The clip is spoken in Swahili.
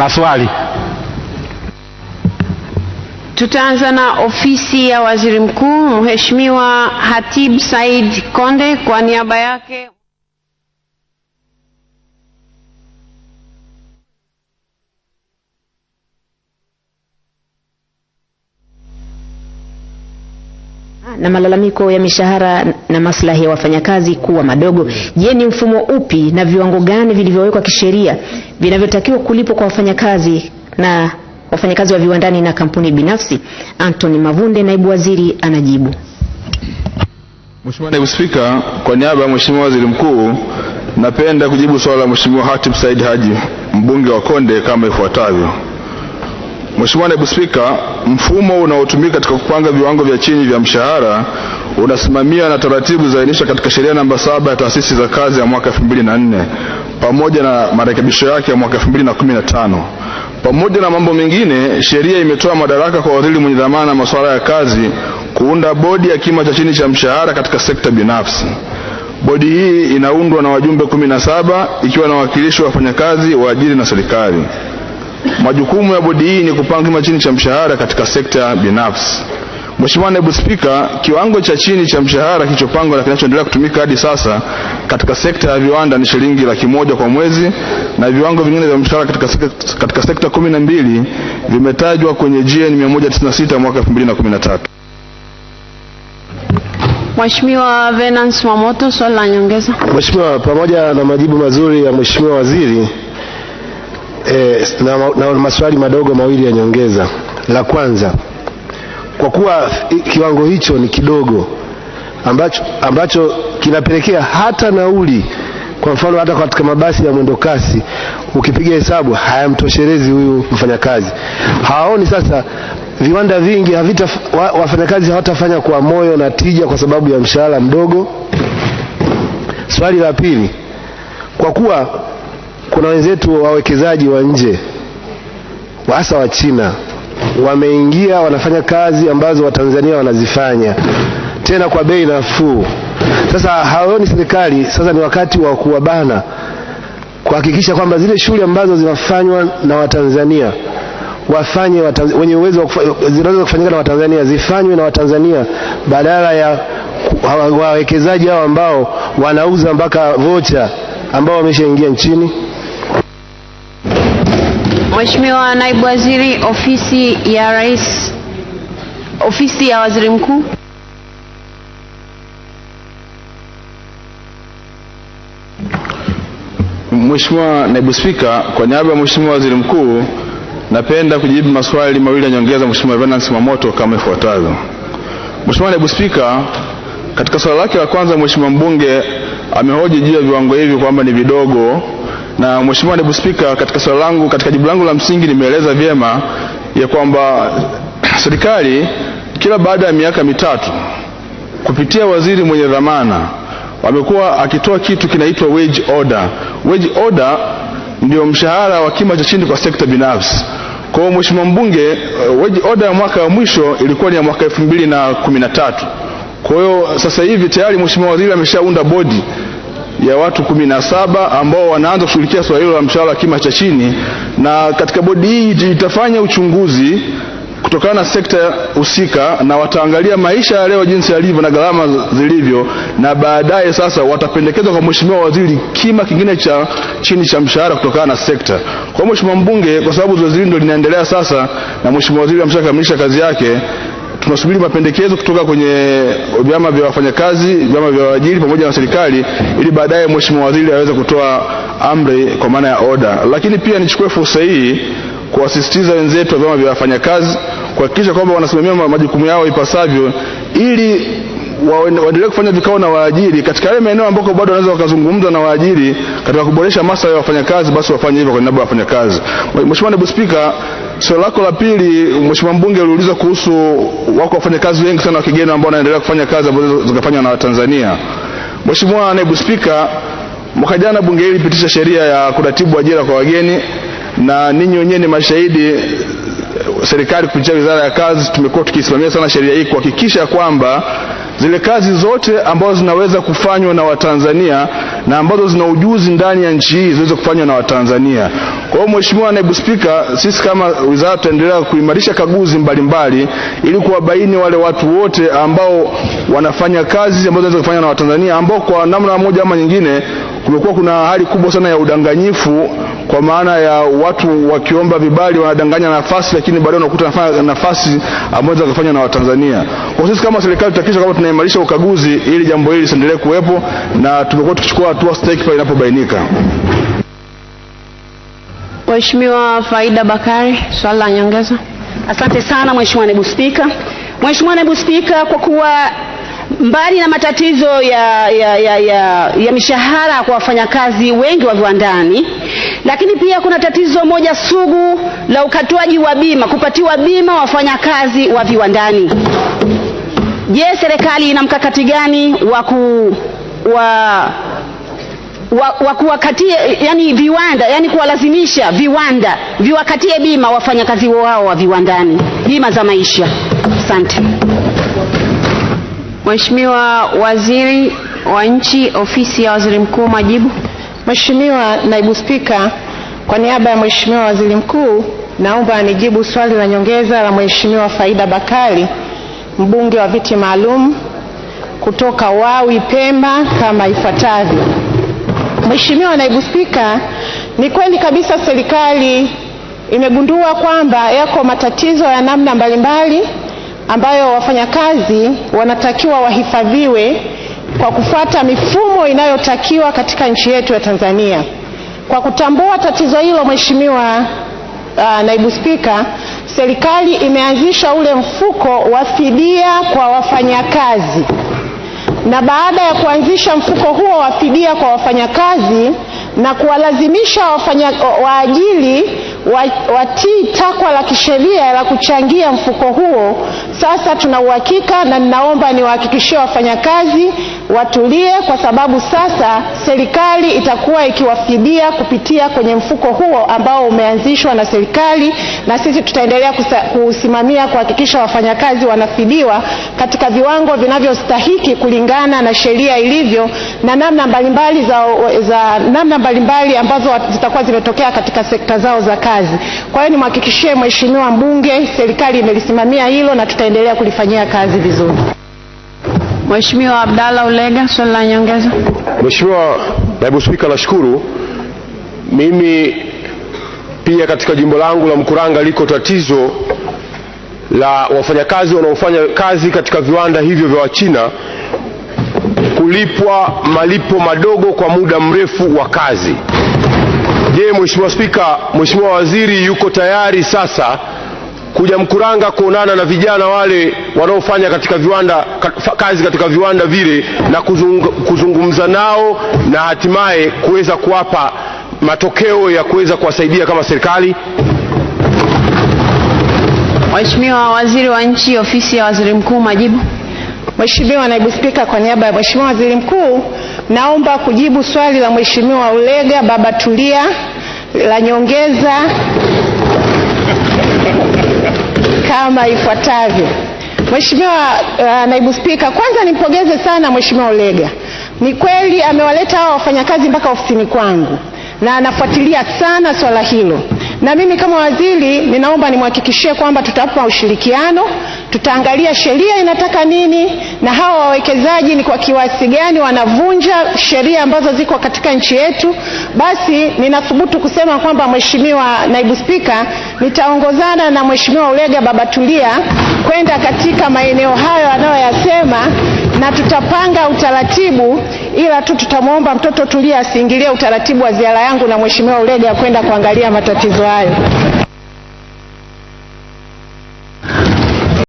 Maswali. Tutaanza na ofisi ya waziri mkuu, Mheshimiwa Hatib Said Konde kwa niaba yake na malalamiko ya mishahara na maslahi ya wafanyakazi kuwa madogo. Je, ni mfumo upi na viwango gani vilivyowekwa kisheria vinavyotakiwa kulipwa kwa wafanyakazi na wafanyakazi wa viwandani na kampuni binafsi? Anthony Mavunde, naibu waziri, anajibu. Mheshimiwa Naibu Spika, kwa niaba ya Mheshimiwa Waziri Mkuu, napenda kujibu swala la Mheshimiwa Hatib Said Haji, mbunge wa Konde, kama ifuatavyo. Mheshimiwa Naibu Spika, mfumo unaotumika katika kupanga viwango vya chini vya mshahara unasimamia na taratibu zaainishwa katika sheria namba saba ya taasisi za kazi ya mwaka 2004 pamoja na marekebisho yake ya mwaka 2015. Pamoja na mambo mengine, sheria imetoa madaraka kwa waziri mwenye dhamana masuala ya kazi kuunda bodi ya kima cha chini cha mshahara katika sekta binafsi. Bodi hii inaundwa na wajumbe 17 ikiwa na wawakilishi wa wafanyakazi, waajiri na serikali. Majukumu ya bodi hii ni kupanga kima chini cha mshahara katika sekta binafsi. Mheshimiwa Naibu Spika, kiwango cha chini cha mshahara kilichopangwa na kinachoendelea kutumika hadi sasa katika sekta ya viwanda ni shilingi laki moja kwa mwezi na viwango vingine vya mshahara katika, katika sekta kumi na mbili vimetajwa kwenye GN 196 mwaka 2013. Mheshimiwa Venance Mamoto, swali la nyongeza. Mheshimiwa, pamoja na majibu mazuri ya Mheshimiwa Waziri e, na, na maswali madogo mawili ya nyongeza. La kwanza, kwa kuwa kiwango hicho ni kidogo ambacho, ambacho kinapelekea hata nauli kwa mfano hata katika mabasi ya mwendo kasi ukipiga hesabu hayamtoshelezi huyu mfanyakazi. Hawaoni sasa, viwanda vingi havita wa, wafanyakazi hawatafanya kwa moyo na tija kwa sababu ya mshahara mdogo. Swali la pili, kwa kuwa kuna wenzetu wawekezaji wa nje hasa wa China wameingia, wanafanya kazi ambazo Watanzania wanazifanya tena kwa bei nafuu. Sasa hawaoni serikali, sasa ni wakati wa kuwabana, kuhakikisha kwamba zile shughuli ambazo zinafanywa na Watanzania wafanye watanz... wenye uwezo zinaweza kufanyika na Watanzania zifanywe na Watanzania badala ya wawekezaji hao ambao wanauza mpaka vocha ambao wameshaingia nchini. Mheshimiwa Naibu Waziri, Ofisi ya Rais, Ofisi ya Waziri Mkuu. Mheshimiwa Naibu Spika, kwa niaba ya Mheshimiwa Waziri Mkuu napenda kujibu maswali mawili ya nyongeza Mheshimiwa Venance Mamoto kama ifuatavyo. Mheshimiwa Naibu Spika, katika swali lake la kwanza Mheshimiwa mbunge amehoji juu ya viwango hivi kwamba ni vidogo na Mheshimiwa Naibu Spika, katika swali langu, katika jibu langu la msingi nimeeleza vyema ya kwamba serikali kila baada ya miaka mitatu kupitia waziri mwenye dhamana wamekuwa akitoa kitu kinaitwa wage order. Wage order ndio mshahara wa kima cha chini kwa sekta binafsi. Kwa hiyo Mheshimiwa Mbunge, eh, wage order ya mwaka wa mwisho ilikuwa ni ya mwaka elfu mbili na kumi na tatu. Kwa hiyo sasa hivi tayari Mheshimiwa waziri ameshaunda bodi ya watu kumi na saba ambao wanaanza kushughulikia swala hilo la mshahara wa kima cha chini, na katika bodi hii itafanya uchunguzi kutokana na sekta husika, na wataangalia maisha ya leo jinsi yalivyo na gharama zilivyo, na baadaye sasa watapendekeza kwa mheshimiwa waziri kima kingine cha chini cha mshahara kutokana na sekta. Kwa mheshimiwa mbunge, kwa sababu zoezi hili ndio linaendelea sasa na mheshimiwa waziri ameshakamilisha kazi yake tunasubiri mapendekezo kutoka kwenye vyama vya wafanyakazi, vyama vya waajiri pamoja na serikali, ili baadaye mheshimiwa waziri aweze kutoa amri kwa maana ya oda. Lakini pia nichukue fursa hii kuwasisitiza wenzetu wa vyama vya wafanyakazi kuhakikisha kwamba wanasimamia majukumu yao ipasavyo ili waendelee kufanya vikao na waajiri katika yale maeneo ambako bado wanaweza wakazungumza na waajiri katika kuboresha masuala ya wafanyakazi, basi wafanye hivyo kwa niaba ya wafanyakazi. Mheshimiwa Naibu Spika, Swali so, lako la pili, mheshimiwa mbunge, aliuliza kuhusu wako wafanyakazi wengi sana wa kigeni ambao wanaendelea kufanya kazi ambazo zikafanywa na Watanzania. Mheshimiwa Naibu Spika, mwaka jana bunge hili lipitisha sheria ya kuratibu ajira kwa wageni, na ninyi wenyewe ni mashahidi. Serikali kupitia Wizara ya Kazi tumekuwa tukisimamia sana sheria hii kuhakikisha kwamba zile kazi zote ambazo zinaweza kufanywa na Watanzania na ambazo zina ujuzi ndani ya nchi hii ziweze kufanywa na Watanzania. Kwa hiyo Mheshimiwa Naibu Spika, sisi kama wizara tutaendelea kuimarisha kaguzi mbalimbali ili kuwabaini wale watu wote ambao wanafanya kazi ambazo zinaweza kufanywa na Watanzania ambao kwa namna moja ama nyingine kumekuwa kuna hali kubwa sana ya udanganyifu kwa maana ya watu wakiomba vibali wanadanganya nafasi, lakini baadaye wanakuta nafasi, ambazo zinaweza kufanywa na Watanzania. Kwa sisi kama serikali tutahakikisha kwamba tunaimarisha ukaguzi ili jambo hili lisiendelee kuwepo, na tumekuwa tukichukua hatua stahiki pale inapobainika. Mheshimiwa Faida Bakari, swali la nyongeza. Asante sana Mheshimiwa Naibu Spika. Mheshimiwa Naibu Spika, kwa kuwa mbali na matatizo ya, ya, ya, ya, ya mishahara kwa wafanyakazi wengi wa viwandani, lakini pia kuna tatizo moja sugu la ukatwaji wa bima, kupatiwa bima wafanyakazi wa viwandani. Je, serikali ina mkakati gani wa ku wa wa, wa kuwakatie yani viwanda yani kuwalazimisha viwanda viwakatie bima wafanyakazi wao wa viwandani, bima za maisha. Asante. Mheshimiwa Waziri wa Nchi, Ofisi ya Waziri Mkuu, majibu. Mheshimiwa Naibu Spika, kwa niaba ya Mheshimiwa Waziri Mkuu naomba nijibu swali la nyongeza la Mheshimiwa Faida Bakari, mbunge wa viti maalum kutoka Wawi Pemba, kama ifuatavyo. Mheshimiwa Naibu Spika, ni kweli kabisa serikali imegundua kwamba yako matatizo ya namna mbalimbali ambayo wafanyakazi wanatakiwa wahifadhiwe kwa kufuata mifumo inayotakiwa katika nchi yetu ya Tanzania. Kwa kutambua tatizo hilo, Mheshimiwa uh, Naibu Spika, serikali imeanzisha ule mfuko wa fidia kwa wafanyakazi na baada ya kuanzisha mfuko huo wa fidia kwa wafanyakazi na kuwalazimisha wafanya, waajiri watii takwa la kisheria la kuchangia mfuko huo, sasa tuna uhakika na ninaomba niwahakikishie wafanyakazi watulie, kwa sababu sasa serikali itakuwa ikiwafidia kupitia kwenye mfuko huo ambao umeanzishwa na serikali, na sisi tutaendelea kusimamia kuhakikisha wafanyakazi wanafidiwa katika viwango vinavyostahiki kulingana na sheria ilivyo na namna mbalimbali za, za namna mbalimbali ambazo zitakuwa zimetokea katika sekta zao za kazi. Kwa hiyo nimhakikishie Mheshimiwa mbunge serikali imelisimamia hilo na tutaendelea kulifanyia kazi vizuri. Mheshimiwa Abdalla Ulega, swali la nyongeza. Mheshimiwa Naibu Spika, nashukuru. Mimi pia katika jimbo langu la Mkuranga liko tatizo la wafanyakazi wanaofanya kazi katika viwanda hivyo vya Wachina kulipwa malipo madogo kwa muda mrefu wa kazi. Je, Mheshimiwa Spika, Mheshimiwa Waziri yuko tayari sasa kuja Mkuranga kuonana na vijana wale wanaofanya katika viwanda kazi katika viwanda vile na kuzung, kuzungumza nao na hatimaye kuweza kuwapa matokeo ya kuweza kuwasaidia kama serikali. Mheshimiwa Waziri wa Nchi, Ofisi ya Waziri Mkuu, majibu. Mheshimiwa Naibu Spika, kwa niaba ya Mheshimiwa Waziri Mkuu, naomba kujibu swali la Mheshimiwa Ulega Baba Tulia la nyongeza kama ifuatavyo. Mheshimiwa uh, naibu spika, kwanza nimpongeze sana Mheshimiwa Ulega, ni kweli amewaleta hao wafanyakazi mpaka ofisini kwangu na anafuatilia sana swala hilo, na mimi kama waziri ninaomba nimhakikishie kwamba tutapa ushirikiano tutaangalia sheria inataka nini na hawa wawekezaji ni kwa kiwasi gani wanavunja sheria ambazo ziko katika nchi yetu. Basi ninathubutu kusema kwamba Mheshimiwa Naibu Spika, nitaongozana na Mheshimiwa Ulega Babatulia kwenda katika maeneo hayo anayoyasema na tutapanga utaratibu, ila tu tutamwomba mtoto Tulia asiingilie utaratibu wa ziara yangu na Mheshimiwa Ulega kwenda kuangalia matatizo hayo.